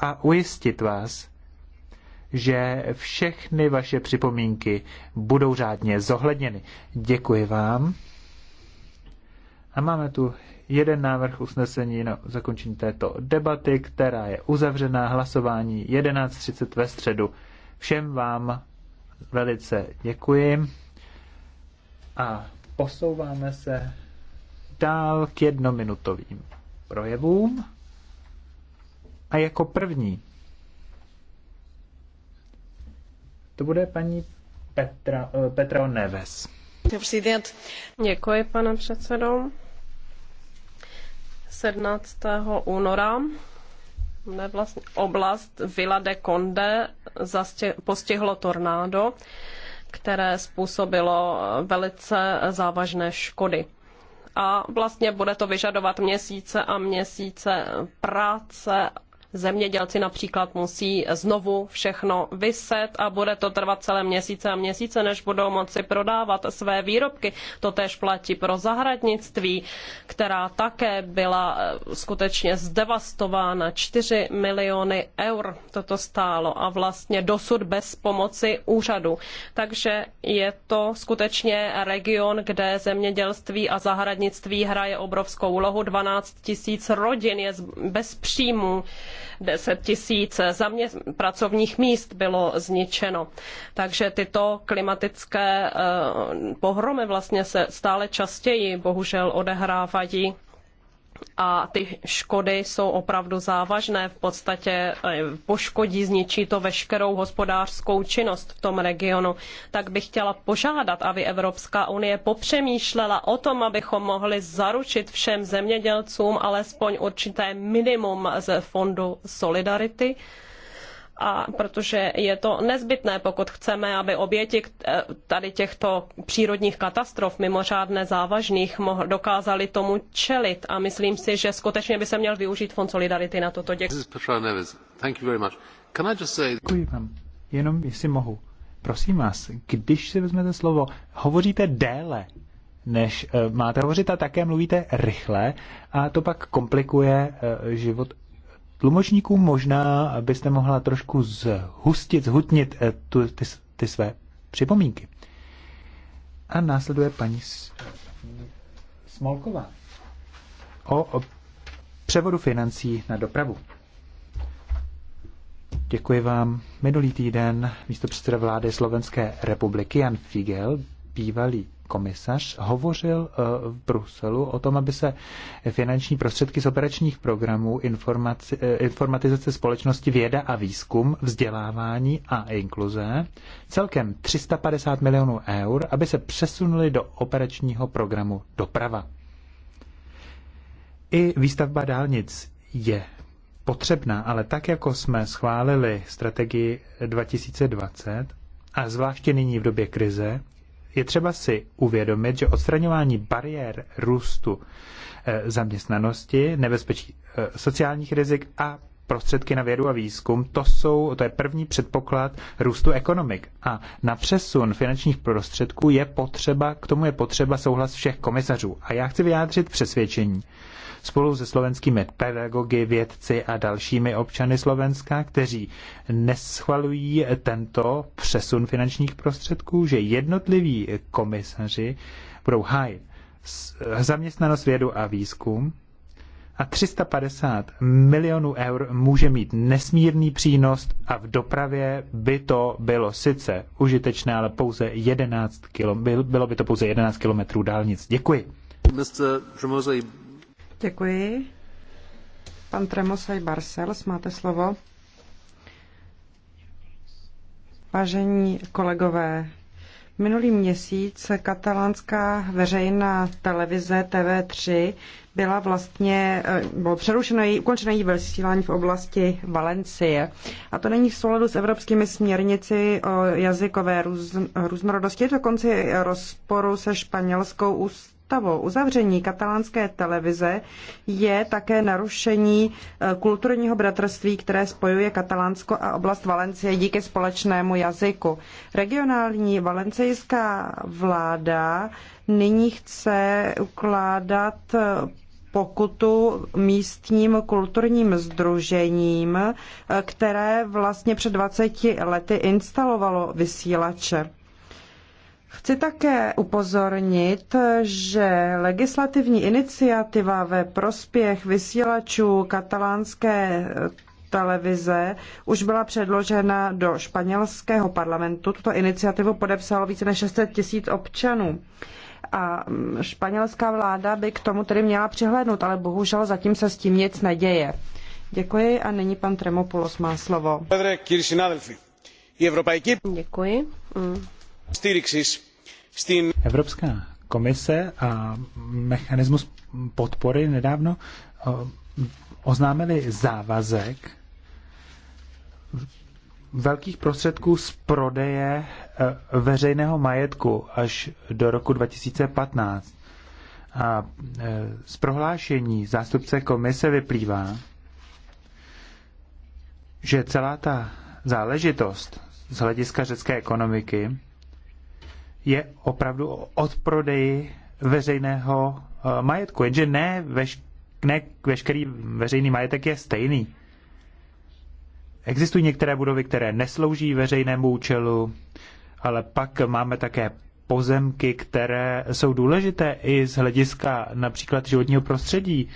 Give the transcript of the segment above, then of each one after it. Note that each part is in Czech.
a ujistit vás, že všechny vaše připomínky budou řádně zohledněny. Děkuji vám. A máme tu jeden návrh usnesení na zakončení této debaty, která je uzavřená hlasování 11.30 ve středu. Všem vám velice děkuji a posouváme se dál k jednominutovým projevům. A jako první to bude paní Petra, eh, Petra Neves. Děkuji, pane předsedo. 17. února ne vlastně, oblast Villa de Conde zastě, postihlo tornádo, které způsobilo eh, velice závažné škody. A vlastně bude to vyžadovat měsíce a měsíce práce Zemědělci například musí znovu všechno vyset a bude to trvat celé měsíce a měsíce, než budou moci prodávat své výrobky. To též platí pro zahradnictví, která také byla eh, skutečně zdevastována. 4 miliony eur toto stálo a vlastně dosud bez pomoci úřadu. Takže je to skutečně region, kde zemědělství a zahradnictví hraje obrovskou úlohu. 12 tisíc rodin je bez příjmu. 10 tisíc pracovních míst bylo zničeno. Takže tyto klimatické eh, pohromy vlastně se stále častěji bohužel odehrávají a ty škody jsou opravdu závažné, v podstatě eh, poškodí, zničí to veškerou hospodářskou činnost v tom regionu, tak bych chtěla požádat, aby Evropská unie popřemýšlela o tom, abychom mohli zaručit všem zemědělcům alespoň určité minimum z fondu Solidarity a protože je to nezbytné, pokud chceme, aby oběti eh, tady těchto přírodních katastrof mimořádně závažných dokázali tomu čelit a myslím si, že skutečně by se měl využít Fond Solidarity na toto. Děkuji vám. Jenom jestli mohu. Prosím vás, když si vezmete slovo, hovoříte déle, než eh, máte hovořit a také mluvíte rychle a to pak komplikuje eh, život Tlumočníkům možná byste mohla trošku zhustit, zhutnit eh, tu, ty, ty své připomínky. A následuje paní Smolková o, o převodu financí na dopravu. Děkuji vám. Minulý týden místo předseda vlády Slovenské republiky Jan Figel, bývalý komisař hovořil eh, v Bruselu o tom, aby se finanční prostředky z operačních programů eh, informatizace společnosti věda a výzkum, vzdělávání a inkluze celkem 350 milionů eur, aby se přesunuli do operačního programu doprava. I výstavba dálnic je potřebná, ale tak, jako jsme schválili strategii 2020 a zvláště nyní v době krize, je třeba si uvědomit, že odstraňování bariér růstu eh, zaměstnanosti, nebezpečí eh, sociálních rizik a prostředky na vědu a výzkum, to, jsou, to je první předpoklad růstu ekonomik. A na přesun finančních prostředků je potřeba, k tomu je potřeba souhlas všech komisařů. A já chci vyjádřit přesvědčení, spolu se slovenskými pedagogy, vědci a dalšími občany Slovenska, kteří neschvalují tento přesun finančních prostředků, že jednotliví komisaři budou hájit zaměstnanost vědu a výzkum, a 350 milionů eur může mít nesmírný přínos a v dopravě by to bylo sice užitečné, ale pouze 11 kilo, bylo by to pouze 11 kilometrů dálnic. Děkuji. Mr. Děkuji. Pan Tremosaj Barcels, máte slovo. Vážení kolegové, minulý měsíc katalánská veřejná televize TV3 byla vlastně, eh, bylo přerušeno její, ukončeno její vysílání v oblasti Valencie. A to není v souladu s evropskými směrnici o jazykové růz, různorodosti, je to konci rozporu se španělskou ústavou ústavou. Uzavření katalánské televize je také narušení eh, kulturního bratrství, které spojuje Katalánsko a oblast Valencie díky společnému jazyku. Regionální valencijská vláda nyní chce ukládat eh, pokutu místním kulturním združením, eh, které vlastně před 20 lety instalovalo vysílače. Chci také upozornit, že legislativní iniciativa ve prospěch vysílačů katalánské televize už byla předložena do španělského parlamentu. Tuto iniciativu podepsalo více než 600 tisíc občanů. A mm, španělská vláda by k tomu tedy měla přihlédnout, ale bohužel zatím se s tím nic neděje. Děkuji a nyní pan Tremopoulos má slovo. Děkuji. Mm. Evropská komise a mechanismus podpory nedávno oznámili závazek velkých prostředků z prodeje e, veřejného majetku až do roku 2015. A e, z prohlášení zástupce komise vyplývá, že celá ta záležitost z hlediska řecké ekonomiky je opravdu o odprodeji veřejného eh, majetku, jenže ne, veš, ne veškerý veřejný majetek je stejný. Existují některé budovy, které neslouží veřejnému účelu, ale pak máme také pozemky, které jsou důležité i z hlediska například životního prostředí,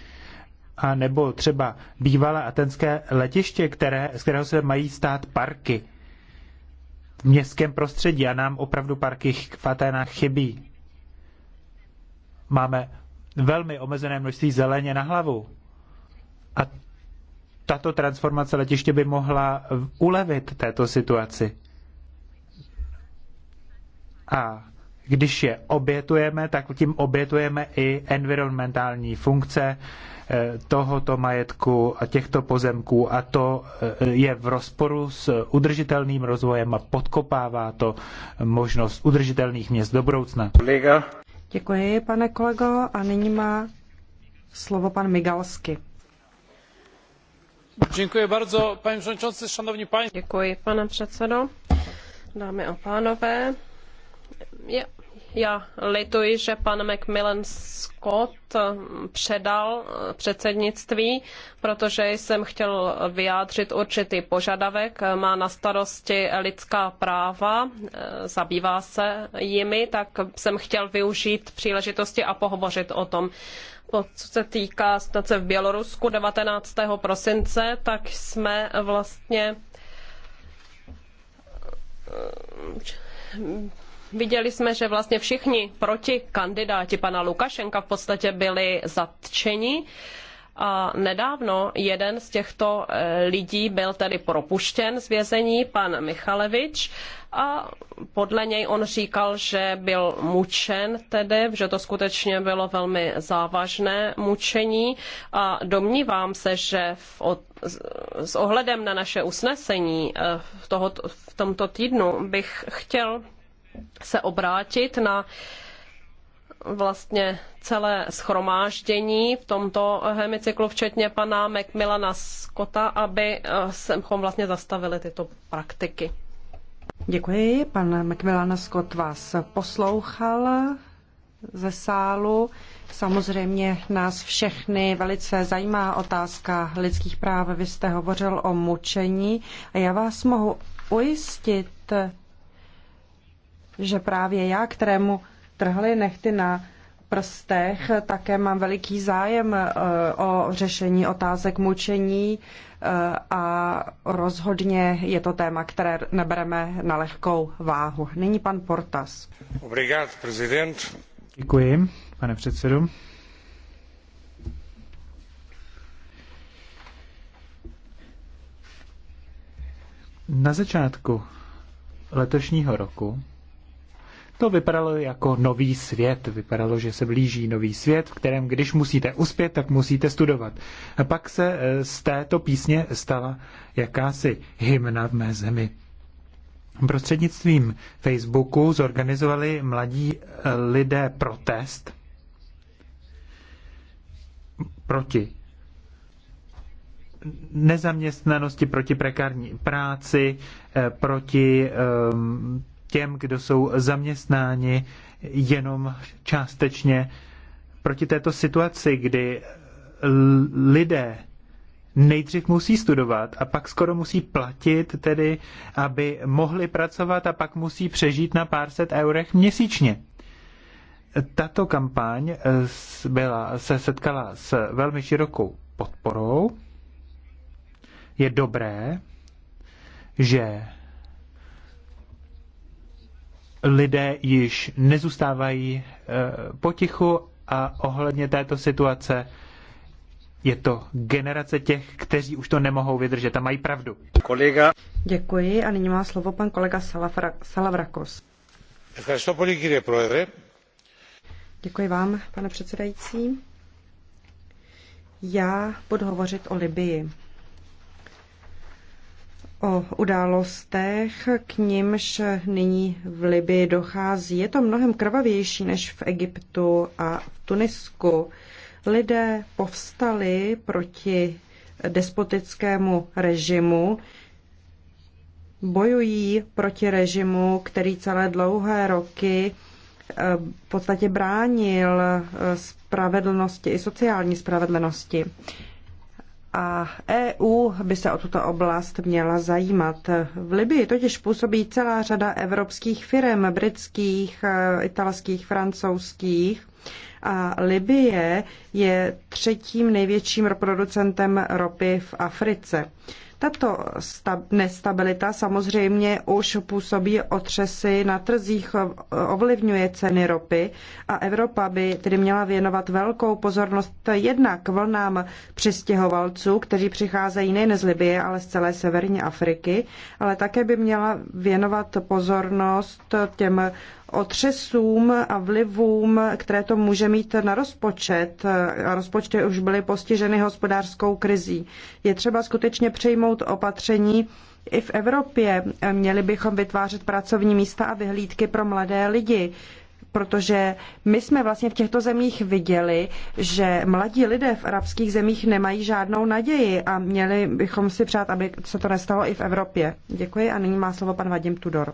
a nebo třeba bývalé atenské letiště, které, z kterého se mají stát parky v městském prostředí a nám opravdu parky v Aténách chybí. Máme velmi omezené množství zeleně na hlavu. A tato transformace letiště by mohla ulevit této situaci. A když je obětujeme, tak tím obětujeme i environmentální funkce, Eh, tohoto majetku a těchto pozemků a to eh, je v rozporu s udržitelným rozvojem a podkopává to možnost udržitelných měst do budoucna. Děkuji, pane kolego, a nyní má slovo pan Migalsky. Děkuji bardzo, pane předsedající, šanovní páni. Děkuji, pane předsedo. Dámy a pánové, je já lituji, že pan Macmillan Scott předal předsednictví, protože jsem chtěl vyjádřit určitý požadavek. Má na starosti lidská práva, zabývá se jimi, tak jsem chtěl využít příležitosti a pohovořit o tom co se týká situace v Bělorusku 19. prosince, tak jsme vlastně Viděli jsme, že vlastně všichni proti kandidáti pana Lukašenka v podstatě byli zatčeni. A nedávno jeden z těchto eh, lidí byl tedy propuštěn z vězení, pan Michalevič, a podle něj on říkal, že byl mučen tedy, že to skutečně bylo velmi závažné mučení a domnívám se, že v, od, s ohledem na naše usnesení eh, v, tohoto, v tomto týdnu bych chtěl se obrátit na vlastně celé schromáždění v tomto hemicyklu, včetně pana Macmillana Scotta, aby eh, semchom vlastně zastavili tyto praktiky. Děkuji. Pan Macmillan Scott vás poslouchal ze sálu. Samozřejmě nás všechny velice zajímá otázka lidských práv. Vy jste hovořil o mučení a já vás mohu ujistit, že právě já, kterému trhly nechty na prstech, také mám veliký zájem eh, o řešení otázek mučení eh, a rozhodně je to téma, které nebereme na lehkou váhu. Nyní pan Portas. Obrigado, prezident. Děkuji, pane předsedo. Na začátku letošního roku to vypadalo jako nový svět. Vypadalo, že se blíží nový svět, v kterém když musíte uspět, tak musíte studovat. A pak se eh, z této písně stala jakási hymna v mé zemi. Prostřednictvím Facebooku zorganizovali mladí eh, lidé protest proti nezaměstnanosti, proti prekární práci, eh, proti ehm, těm, kdo jsou zaměstnáni jenom částečně. Proti této situaci, kdy lidé nejdřív musí studovat a pak skoro musí platit tedy, aby mohli pracovat a pak musí přežít na pár set eurech měsíčně. Tato kampaň eh, byla, se setkala s velmi širokou podporou. Je dobré, že lidé již nezůstávají eh, potichu a ohledně této situace je to generace těch, kteří už to nemohou vydržet a mají pravdu. Kolega. Děkuji a nyní má slovo pan kolega Salafra, Salavrakos. Děkuji vám, pane předsedající. Já budu hovořit o Libii o událostech, k nimž nyní v Libii dochází. Je to mnohem krvavější než v Egyptu a v Tunisku. Lidé povstali proti despotickému režimu, bojují proti režimu, který celé dlouhé roky eh, v podstatě bránil eh, spravedlnosti i sociální spravedlnosti a EU by se o tuto oblast měla zajímat. V Libii totiž působí celá řada evropských firm, britských, eh, italských, francouzských. A Libie je třetím největším producentem ropy v Africe. Tato nestabilita samozřejmě už působí otřesy na trzích, ovlivňuje ceny ropy a Evropa by tedy měla věnovat velkou pozornost jednak vlnám přistěhovalců, kteří přicházejí nejen z Libie, ale z celé severní Afriky, ale také by měla věnovat pozornost těm otřesům a vlivům, které to může mít na rozpočet. A rozpočty už byly postiženy hospodářskou krizí. Je třeba skutečně přijmout opatření i v Evropě. Měli bychom vytvářet pracovní místa a vyhlídky pro mladé lidi protože my jsme vlastně v těchto zemích viděli, že mladí lidé v arabských zemích nemají žádnou naději a měli bychom si přát, aby se to nestalo i v Evropě. Děkuji a nyní má slovo pan Vadim Tudor.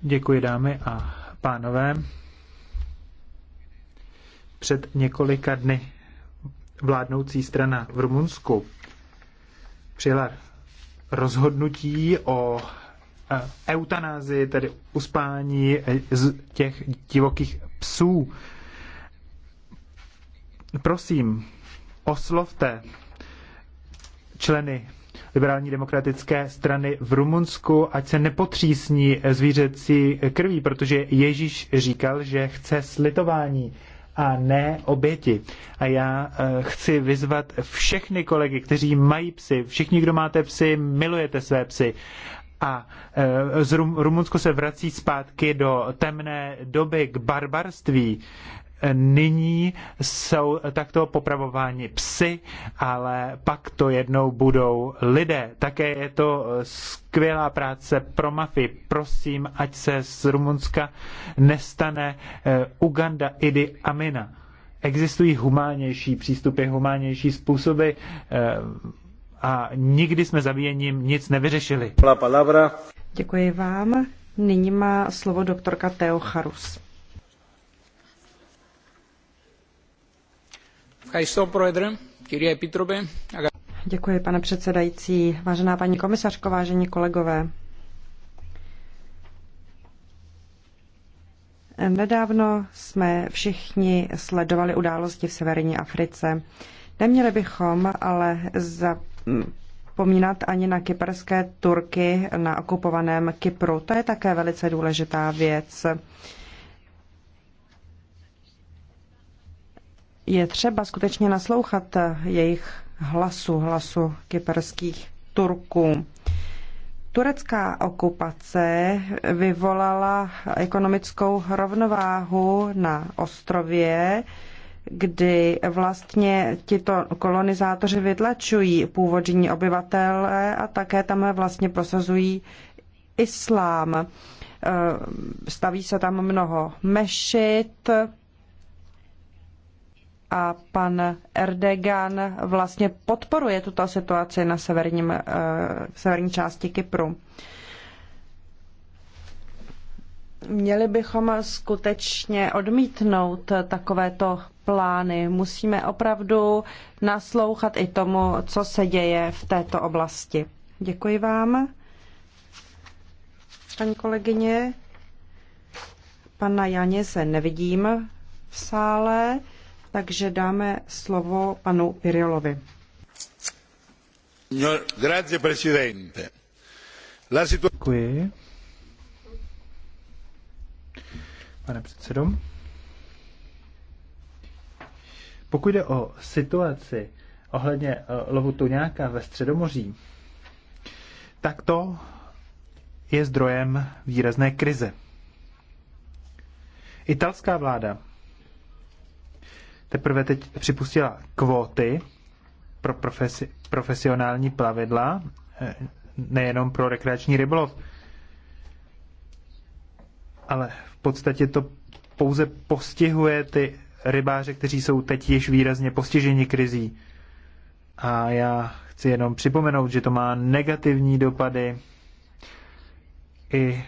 Děkuji dámy a pánové. Před několika dny vládnoucí strana v Rumunsku přijela rozhodnutí o e, eutanázii, tedy uspání e, z těch divokých psů. Prosím, oslovte členy liberální demokratické strany v Rumunsku, ať se nepotřísní zvířecí krví, protože Ježíš říkal, že chce slitování a ne oběti. A já eh, chci vyzvat všechny kolegy, kteří mají psy, všichni, kdo máte psy, milujete své psy. A eh, z Rumunsko se vrací zpátky do temné doby k barbarství nyní jsou takto popravováni psy, ale pak to jednou budou lidé. Také je to skvělá práce pro mafii. Prosím, ať se z Rumunska nestane eh, Uganda Idi Amina. Existují humánnější přístupy, humánnější způsoby eh, a nikdy jsme zabíjením nic nevyřešili. Děkuji vám. Nyní má slovo doktorka Teo Charus. Děkuji, pane předsedající, vážená paní komisařko, vážení kolegové. Nedávno jsme všichni sledovali události v severní Africe. Neměli bychom ale zapomínat ani na kyperské Turky na okupovaném Kypru. To je také velice důležitá věc. je třeba skutečně naslouchat jejich hlasu, hlasu kyperských Turků. Turecká okupace vyvolala ekonomickou rovnováhu na ostrově, kdy vlastně tito kolonizátoři vytlačují původní obyvatele a také tam vlastně prosazují islám. Eh, staví se tam mnoho mešit, a pan Erdogan vlastně podporuje tuto situaci na severním, eh, v severní části Kypru. Měli bychom skutečně odmítnout takovéto plány. Musíme opravdu naslouchat i tomu, co se děje v této oblasti. Děkuji vám, paní kolegyně. Pana Janě se nevidím v sále takže dáme slovo panu Piriolovi. No, Děkuji. Pane předsedo, pokud jde o situaci ohledně eh, lovu tuňáka ve Středomoří, tak to je zdrojem výrazné krize. Italská vláda teprve teď připustila kvóty pro profesi, profesionální plavidla, eh, nejenom pro rekreační rybolov. Ale v podstatě to pouze postihuje ty rybáře, kteří jsou teď již výrazně postiženi krizí. A já chci jenom připomenout, že to má negativní dopady i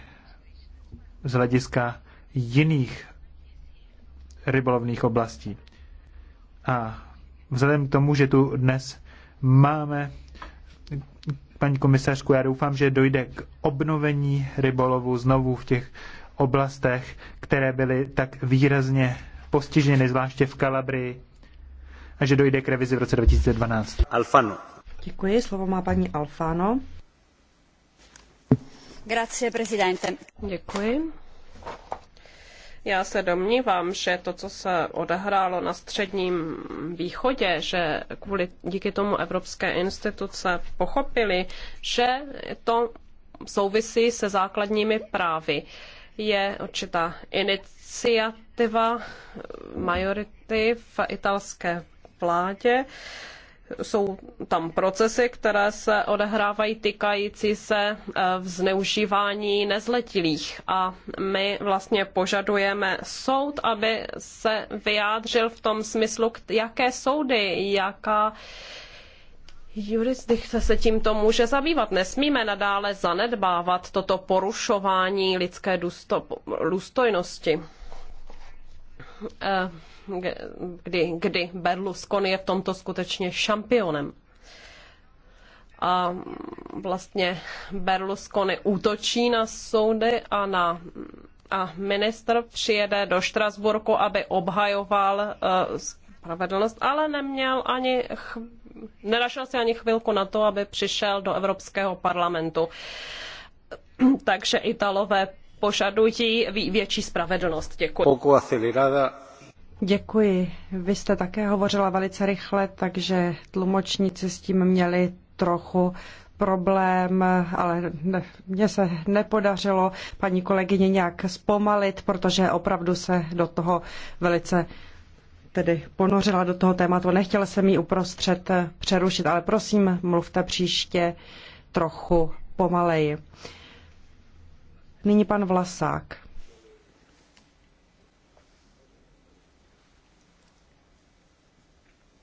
z hlediska jiných rybolovných oblastí. A vzhledem k tomu, že tu dnes máme paní komisařku, já doufám, že dojde k obnovení rybolovu znovu v těch oblastech, které byly tak výrazně postiženy, zvláště v Kalabrii, a že dojde k revizi v roce 2012. Alfano. Děkuji, slovo má paní Alfano. Grazie, presidente. Děkuji. Já se domnívám, že to, co se odehrálo na středním východě, že kvůli, díky tomu evropské instituce pochopili, že to souvisí se základními právy. Je určitá iniciativa majority v italské vládě, jsou tam procesy, které se odehrávají týkající se eh, zneužívání nezletilých a my vlastně požadujeme soud, aby se vyjádřil v tom smyslu, jaké soudy, jaká Jurisdikce se tímto může zabývat. Nesmíme nadále zanedbávat toto porušování lidské důstojnosti. Eh, kdy, kdy Berlusconi je v tomto skutečně šampionem. A vlastně Berlusconi útočí na soudy a na a ministr přijede do Štrasburku, aby obhajoval uh, spravedlnost, ale neměl ani ch- nenašel si ani chvilku na to, aby přišel do Evropského parlamentu. Takže Italové požadují větší spravedlnost. Děkuji. Děkuji. Vy jste také hovořila velice rychle, takže tlumočníci s tím měli trochu problém, ale mně se nepodařilo paní kolegyně nějak zpomalit, protože opravdu se do toho velice tedy ponořila do toho tématu. Nechtěla jsem ji uprostřed přerušit, ale prosím, mluvte příště trochu pomaleji. Nyní pan Vlasák.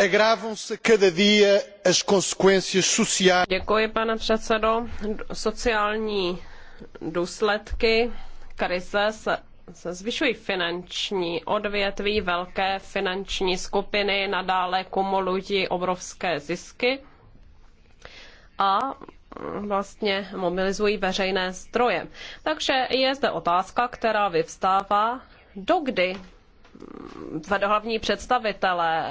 pane předsedající Sociální důsledky krize se, zvyšují finanční odvětví, velké finanční skupiny nadále kumulují obrovské zisky a vlastně mobilizují veřejné stroje. Takže je zde otázka, která vyvstává, dokdy hlavní představitelé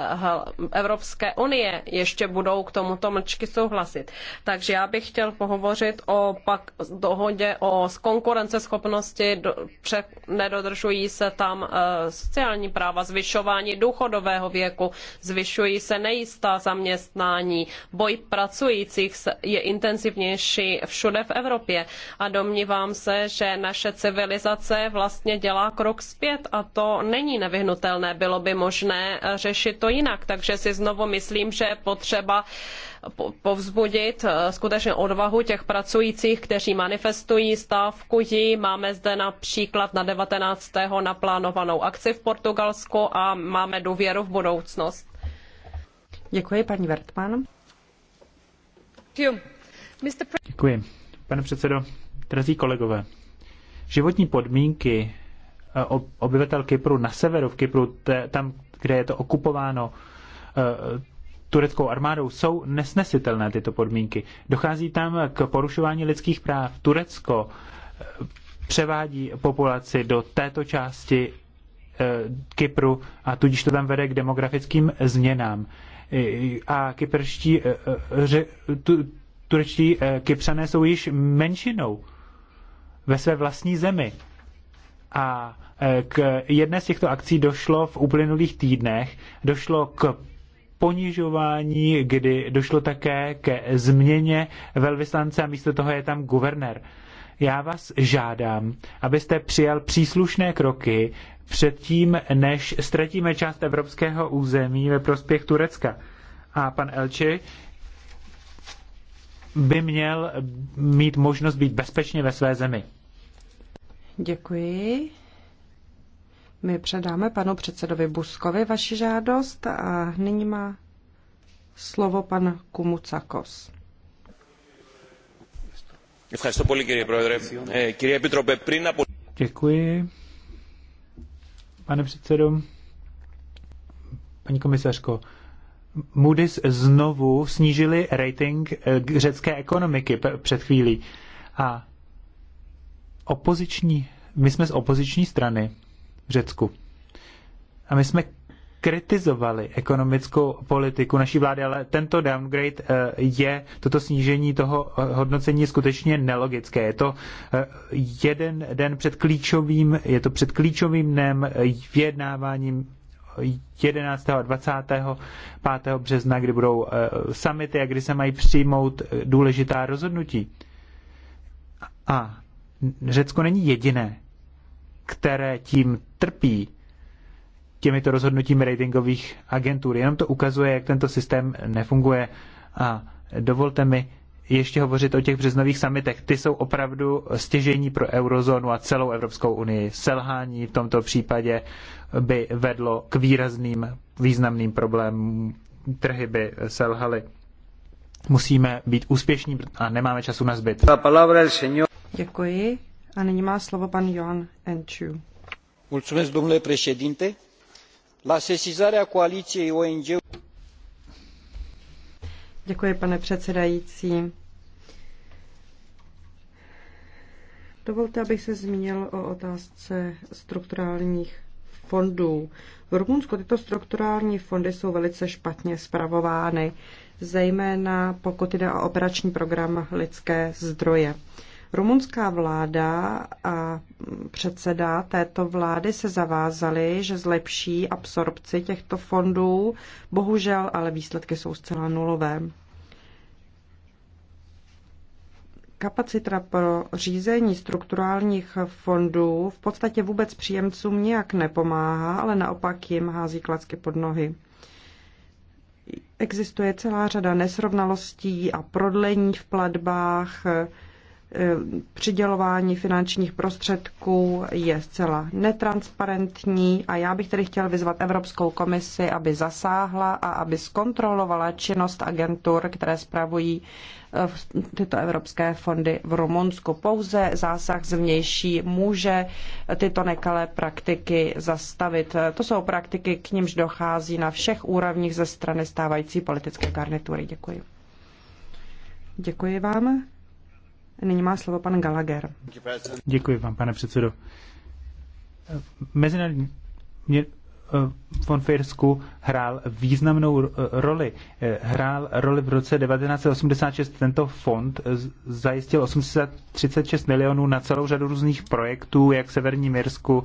Evropské unie ještě budou k tomuto mlčky souhlasit. Takže já bych chtěl pohovořit o pak dohodě o konkurenceschopnosti, do, pře, nedodržují se tam e, sociální práva, zvyšování důchodového věku, zvyšují se nejistá zaměstnání, boj pracujících je intenzivnější všude v Evropě a domnívám se, že naše civilizace vlastně dělá krok zpět a to není nebezpečné nevyhnutelné, bylo by možné řešit to jinak. Takže si znovu myslím, že je potřeba povzbudit eh, skutečně odvahu těch pracujících, kteří manifestují, stávkují. Máme zde například na 19. naplánovanou akci v Portugalsku a máme důvěru v budoucnost. Děkuji, paní Vertman. Děkuji. Pane předsedo, drazí kolegové, životní podmínky Eh, obyvatel Kypru na severu v Kypru, tam, kde je to okupováno eh, tureckou armádou, jsou nesnesitelné tyto podmínky. Dochází tam k porušování lidských práv. Turecko eh, převádí populaci do této části Kypru a tudíž to tam vede k demografickým změnám. A kyperští, turečtí kypřané jsou již menšinou ve své vlastní zemi. A e, k jedné z těchto akcí došlo v uplynulých týdnech. Došlo k ponižování, kdy došlo také ke změně velvyslance a místo toho je tam guvernér. Já vás žádám, abyste přijal příslušné kroky předtím, než ztratíme část evropského území ve prospěch Turecka. A pan Elči by měl mít možnost být bezpečně ve své zemi. Děkuji. My předáme panu předsedovi Buskovi vaši žádost a nyní má slovo pan Kumucakos. Děkuji. Pane předsedo, paní komisařko, Moody's znovu snížili rating eh, řecké ekonomiky před chvílí. A opoziční, my jsme z opoziční strany v Řecku. A my jsme kritizovali ekonomickou politiku naší vlády, ale tento downgrade eh, je, toto snížení toho eh, hodnocení je skutečně nelogické. Je to eh, jeden den před klíčovým, je to před klíčovým dnem vyjednáváním 11. a 25. března, kdy budou summity a kdy se mají přijmout důležitá rozhodnutí. A Řecko není jediné, které tím trpí těmito rozhodnutími ratingových agentur. Jenom to ukazuje, jak tento systém nefunguje. A dovolte mi ještě hovořit o těch březnových samitech. Ty jsou opravdu stěžení pro eurozónu a celou Evropskou unii. Selhání v tomto případě by vedlo k výrazným, významným problémům. Trhy by selhaly. Musíme být úspěšní a nemáme času na zbyt. Děkuji. A nyní má slovo pan Johan Enchu. Mulțumesc, domnule președinte. La sesizarea coaliției ONG... Děkuji, pane předsedající. Dovolte, abych se zmínil o otázce strukturálních fondů. V Rumunsku tyto strukturální fondy jsou velice špatně zpravovány, zejména pokud jde o operační program lidské zdroje. Rumunská vláda a předseda této vlády se zavázali, že zlepší absorpci těchto fondů. Bohužel, ale výsledky jsou zcela nulové. kapacita pro řízení strukturálních fondů v podstatě vůbec příjemcům nijak nepomáhá, ale naopak jim hází klacky pod nohy. Existuje celá řada nesrovnalostí a prodlení v platbách, Eh, přidělování finančních prostředků je zcela netransparentní a já bych tedy chtěl vyzvat Evropskou komisi, aby zasáhla a aby zkontrolovala činnost agentur, které spravují eh, tyto evropské fondy v Rumunsku. Pouze zásah zvnější může tyto nekalé praktiky zastavit. Eh, to jsou praktiky, k nímž dochází na všech úrovních ze strany stávající politické garnitury. Děkuji. Děkuji vám. Nyní má slovo pan Gallagher. Děkuji vám, pane předsedo. Mezinárodní von Firsku hrál významnou roli. Hrál roli v roce 1986. Tento fond zajistil 836 milionů na celou řadu různých projektů, jak v Severním Jirsku,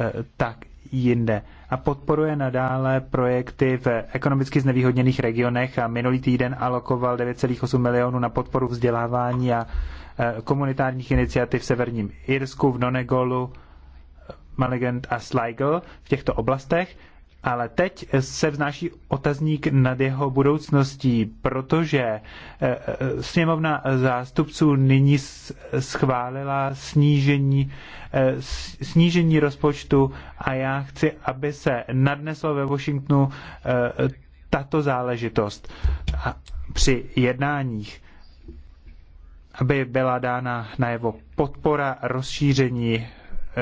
eh, tak jinde a podporuje nadále projekty v ekonomicky znevýhodněných regionech a minulý týden alokoval 9,8 milionů na podporu vzdělávání a e, komunitárních iniciativ v Severním Irsku, v Nonegolu, e, Maligent a Sligel v těchto oblastech ale teď se vznáší otazník nad jeho budoucností, protože eh, eh, sněmovna zástupců nyní schválila snížení, eh, snížení rozpočtu a já chci, aby se nadneslo ve Washingtonu tato záležitost při jednáních, aby byla dána najevo podpora rozšíření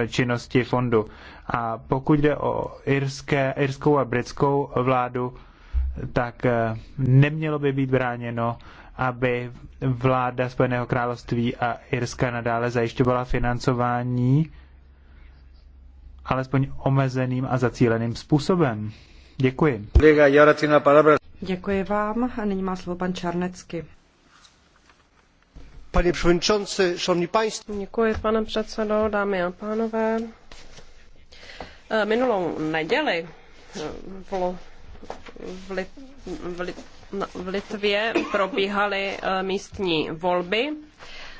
činnosti fondu. A pokud jde o irské, irskou a britskou vládu, tak eh, nemělo by být bráněno, aby vláda Spojeného království a Irska nadále zajišťovala financování alespoň omezeným a zacíleným způsobem. Děkuji. Děkuji vám a nyní má slovo pan Čarnecky. Pane předsedo, šановní Děkuji, pane předsedo, dámy a pánové. Eh, minulou neděli eh, v, Lit, v, Lit, v Litvě probíhaly eh, místní volby.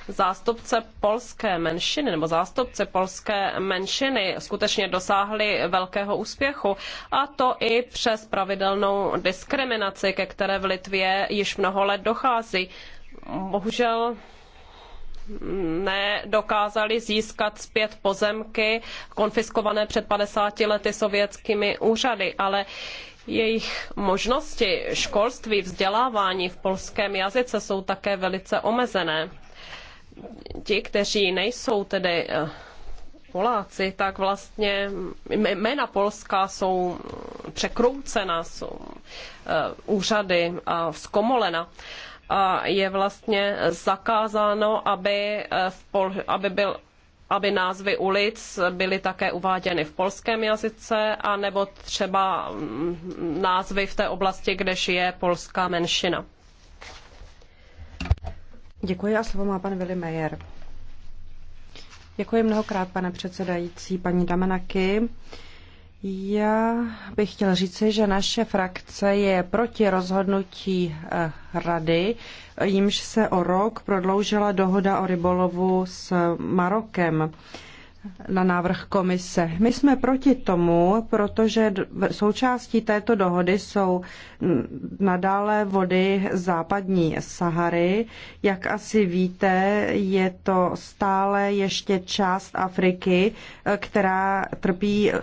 Zástupce polské menšiny nebo zástupce polské menšiny skutečně dosáhli velkého úspěchu a to i přes pravidelnou diskriminaci, ke které v Litvě již mnoho let dochází. Bohužel nedokázali získat zpět pozemky konfiskované před 50 lety sovětskými úřady, ale jejich možnosti školství, vzdělávání v polském jazyce jsou také velice omezené. Ti, kteří nejsou tedy eh, Poláci, tak vlastně jména Polska jsou překroucena, jsou eh, úřady a zkomolena a je vlastně zakázáno, aby, eh, v Pol, aby byl aby názvy ulic byly také uváděny v polském jazyce, anebo třeba mm, názvy v té oblasti, kde žije polská menšina. Děkuji a slovo má pan Willy Meyer. Děkuji mnohokrát, pane předsedající, paní Damanaky. Já bych chtěla říci, že naše frakce je proti rozhodnutí eh, rady, jimž se o rok prodloužila dohoda o rybolovu s Marokem na návrh komise. My jsme proti tomu, protože součástí této dohody jsou nadále vody západní Sahary. Jak asi víte, je to stále ještě část Afriky, eh, která trpí eh,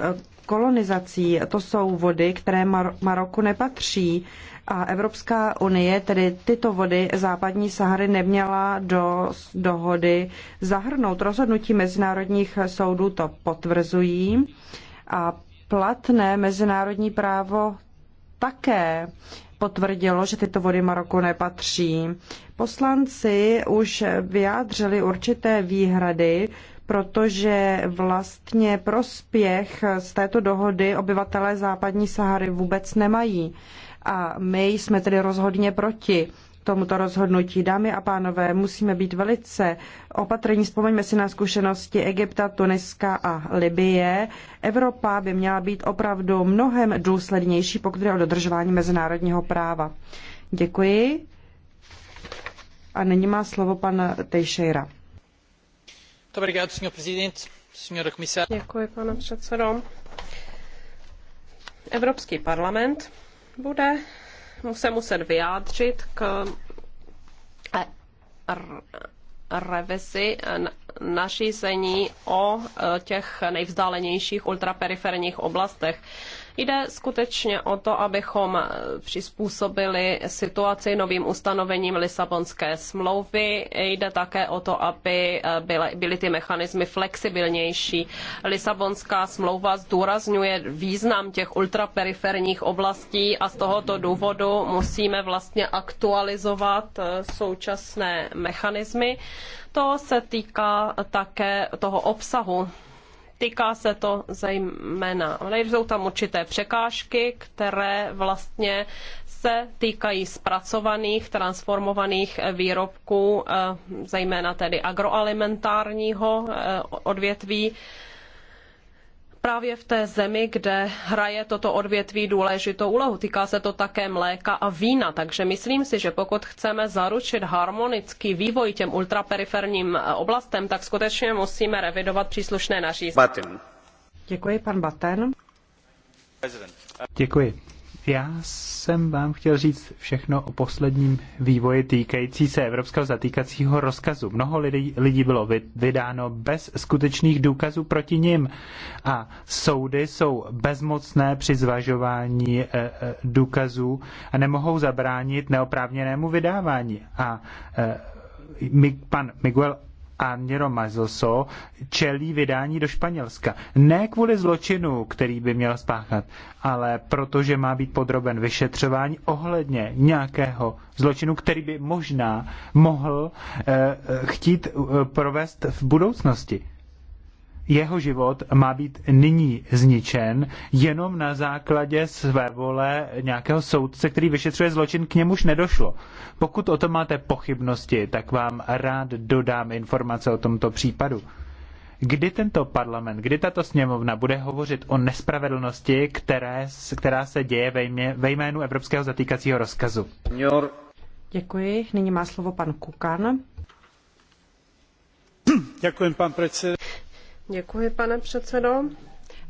kolonizací. To jsou vody, které Mar- Maroku nepatří a Evropská unie tedy tyto vody západní Sahary neměla do dohody zahrnout. Rozhodnutí mezinárodních soudů to potvrzují a platné mezinárodní právo také potvrdilo, že tyto vody Maroku nepatří. Poslanci už vyjádřili určité výhrady, protože vlastně prospěch z této dohody obyvatelé západní Sahary vůbec nemají. A my jsme tedy rozhodně proti tomuto rozhodnutí. Dámy a pánové, musíme být velice opatrní. Vzpomeňme si na zkušenosti Egypta, Tuniska a Libie. Evropa by měla být opravdu mnohem důslednější, pokud je o dodržování mezinárodního práva. Děkuji. A nyní má slovo pan Teixeira. Děkuji, pane předsedo. Evropský parlament bude se muset vyjádřit k e, revizi nařízení o e, těch nejvzdálenějších ultraperiferních oblastech. Jde skutečně o to, abychom eh, přizpůsobili situaci novým ustanovením Lisabonské smlouvy. Jde také o to, aby eh, byly, ty mechanismy flexibilnější. Lisabonská smlouva zdůrazňuje význam těch ultraperiferních oblastí a z tohoto důvodu musíme vlastně aktualizovat eh, současné mechanismy. To se týká také toho obsahu Týká se to zejména, jsou tam určité překážky, které vlastně se týkají zpracovaných, transformovaných výrobků, eh, zejména tedy agroalimentárního eh, odvětví právě v té zemi, kde hraje toto odvětví důležitou úlohu. Týká se to také mléka a vína, takže myslím si, že pokud chceme zaručit harmonický vývoj těm ultraperiferním eh, oblastem, tak skutečně musíme revidovat příslušné nařízení. Děkuji, pan Děkuji. Já jsem vám chtěl říct všechno o posledním vývoji týkající se evropského zatýkacího rozkazu. Mnoho lidí, lidí bylo vydáno bez skutečných důkazů proti nim a soudy jsou bezmocné při zvažování e, důkazů a nemohou zabránit neoprávněnému vydávání. A eh, pan Miguel Anjero Mazoso čelí vydání do Španělska. Ne kvůli zločinu, který by měl spáchat, ale protože má být podroben vyšetřování ohledně nějakého zločinu, který by možná mohl eh, eh chtít eh, provést v budoucnosti jeho život má být nyní zničen jenom na základě své vole nějakého soudce, který vyšetřuje zločin, k němuž nedošlo. Pokud o tom máte pochybnosti, tak vám rád dodám informace o tomto případu. Kdy tento parlament, kdy tato sněmovna bude hovořit o nespravedlnosti, které, která se děje ve, jmě, ve jménu Evropského zatýkacího rozkazu? Děkuji. Nyní má slovo pan Kukan. Děkuji, pan předseda Děkuji, pane předsedo.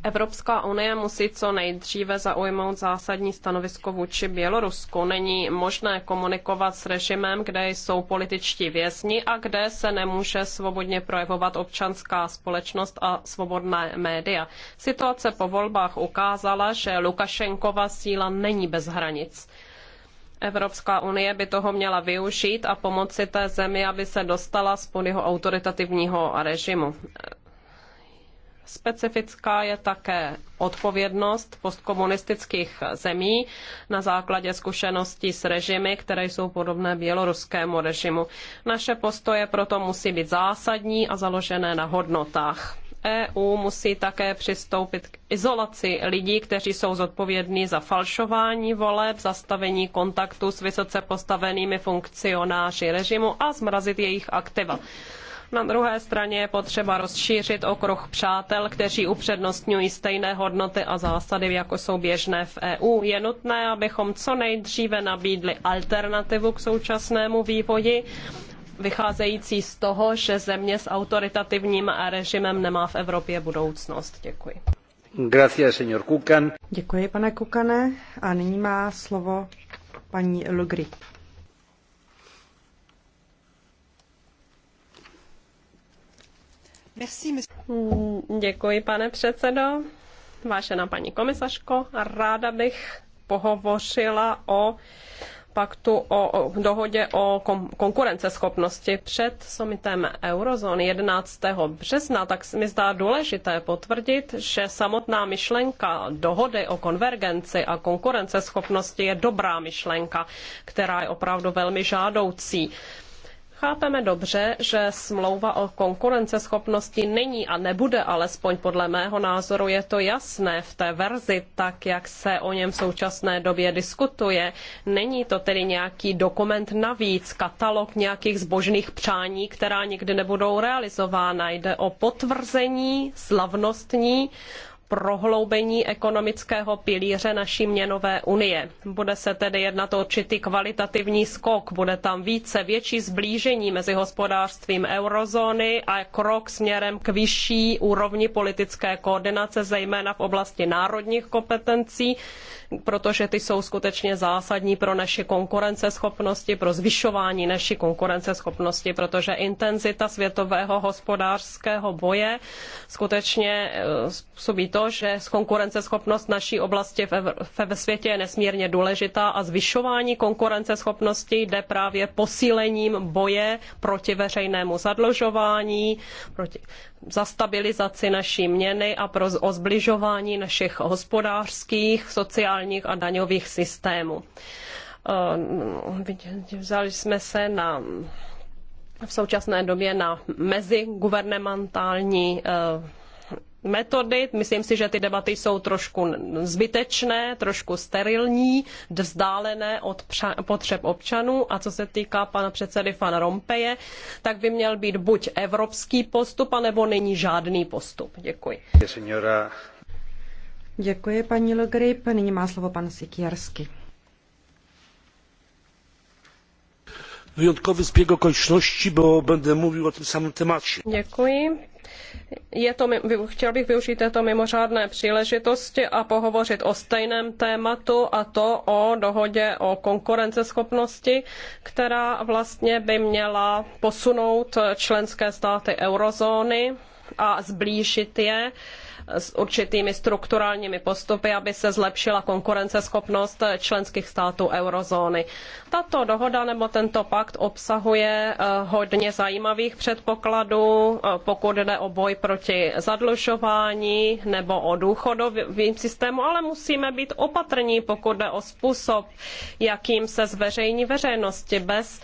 Evropská unie musí co nejdříve zaujmout zásadní stanovisko vůči Bělorusku. Není možné komunikovat s režimem, kde jsou političtí vězni a kde se nemůže svobodně projevovat občanská společnost a svobodná média. Situace po volbách ukázala, že Lukašenkova síla není bez hranic. Evropská unie by toho měla využít a pomoci té zemi, aby se dostala spod jeho autoritativního režimu. Specifická je také odpovědnost postkomunistických zemí na základě zkušeností s režimy, které jsou podobné běloruskému režimu. Naše postoje proto musí být zásadní a založené na hodnotách. EU musí také přistoupit k izolaci lidí, kteří jsou zodpovědní za falšování voleb, zastavení kontaktu s vysoce postavenými funkcionáři režimu a zmrazit jejich aktiva. Na druhé straně je potřeba rozšířit okruh přátel, kteří upřednostňují stejné hodnoty a zásady, jako jsou běžné v EU. Je nutné, abychom co nejdříve nabídli alternativu k současnému vývoji, vycházející z toho, že země s autoritativním režimem nemá v Evropě budoucnost. Děkuji. Gracias, señor Kukan. Děkuji, pane Kukane. A nyní má slovo paní Le Mm, děkuji, pane předsedo. Vážená paní komisařko, ráda bych pohovořila o paktu o, o dohodě o kom, konkurenceschopnosti před summitem eurozóny 11. března, tak mi zdá důležité potvrdit, že samotná myšlenka dohody o konvergenci a konkurenceschopnosti je dobrá myšlenka, která je opravdu velmi žádoucí Chápeme dobře, že smlouva o konkurenceschopnosti není a nebude, alespoň podle mého názoru je to jasné v té verzi, tak jak se o něm v současné době diskutuje. Není to tedy nějaký dokument navíc, katalog nějakých zbožných přání, která nikdy nebudou realizována. Jde o potvrzení slavnostní prohloubení ekonomického pilíře naší měnové unie. Bude se tedy jednat o určitý kvalitativní skok, bude tam více, větší zblížení mezi hospodářstvím eurozóny a krok směrem k vyšší úrovni politické koordinace, zejména v oblasti národních kompetencí, protože ty jsou skutečně zásadní pro naši konkurenceschopnosti, pro zvyšování naší konkurenceschopnosti, protože intenzita světového hospodářského boje skutečně eh, způsobí to, že konkurenceschopnost naší oblasti ve světě je nesmírně důležitá a zvyšování konkurenceschopnosti jde právě posílením boje proti veřejnému zadlužování, proti za stabilizaci naší měny a pro ozbližování našich hospodářských, sociálních a daňových systémů. Eh, vzali jsme se na v současné době na mezigovernementální eh, metody. Myslím si, že ty debaty jsou trošku zbytečné, trošku sterilní, vzdálené od potřeb občanů. A co se týká pana předsedy Fan Rompeje, tak by měl být buď evropský postup, anebo není žádný postup. Děkuji. Děkuji, paní Logrip. Nyní má slovo pan Sikierski. Wyjątkowy zbieg okoliczności, bo będę mówił o tym samym temacie. Dziękuję je to, chtěl bych využít této mimořádné příležitosti a pohovořit o stejném tématu a to o dohodě o konkurenceschopnosti, která vlastně by měla posunout členské státy eurozóny a zblížit je uh, s určitými strukturálními postupy, aby se zlepšila konkurenceschopnost členských států eurozóny. Tato dohoda nebo tento pakt obsahuje eh, hodně zajímavých předpokladů, eh, pokud jde o boj proti zadlužování nebo o důchodovým systému, ale musíme být opatrní, pokud jde o způsob, jakým se zveřejní veřejnosti bez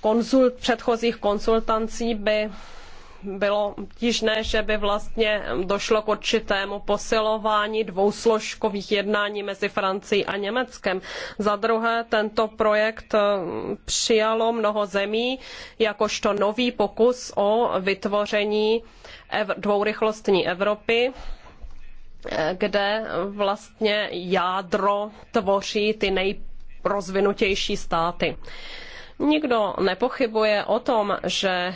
konzult, předchozích konzultací by bylo obtížné, že by vlastně došlo k určitému posilování dvousložkových jednání mezi Francií a Německem. Za druhé, tento projekt eh, přijalo mnoho zemí jakožto nový pokus o vytvoření dvourychlostní Evropy eh, kde vlastně jádro tvoří ty nejrozvinutější státy. Nikdo nepochybuje o tom, že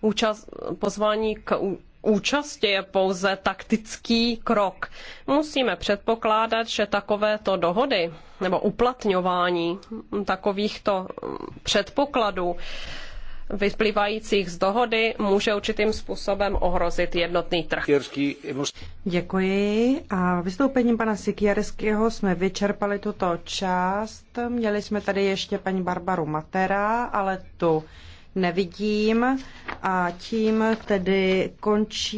účast, pozvání k účasti je pouze taktický krok. Musíme předpokládat, že takovéto dohody nebo uplatňování takovýchto hm, předpokladů vyplývajících z dohody může určitým způsobem ohrozit jednotný trh. Děkuji. A vystoupením pana Sikierského jsme vyčerpali tuto část. Měli jsme tady ještě paní Barbaru Matera, ale tu nevidím a tím tedy končím.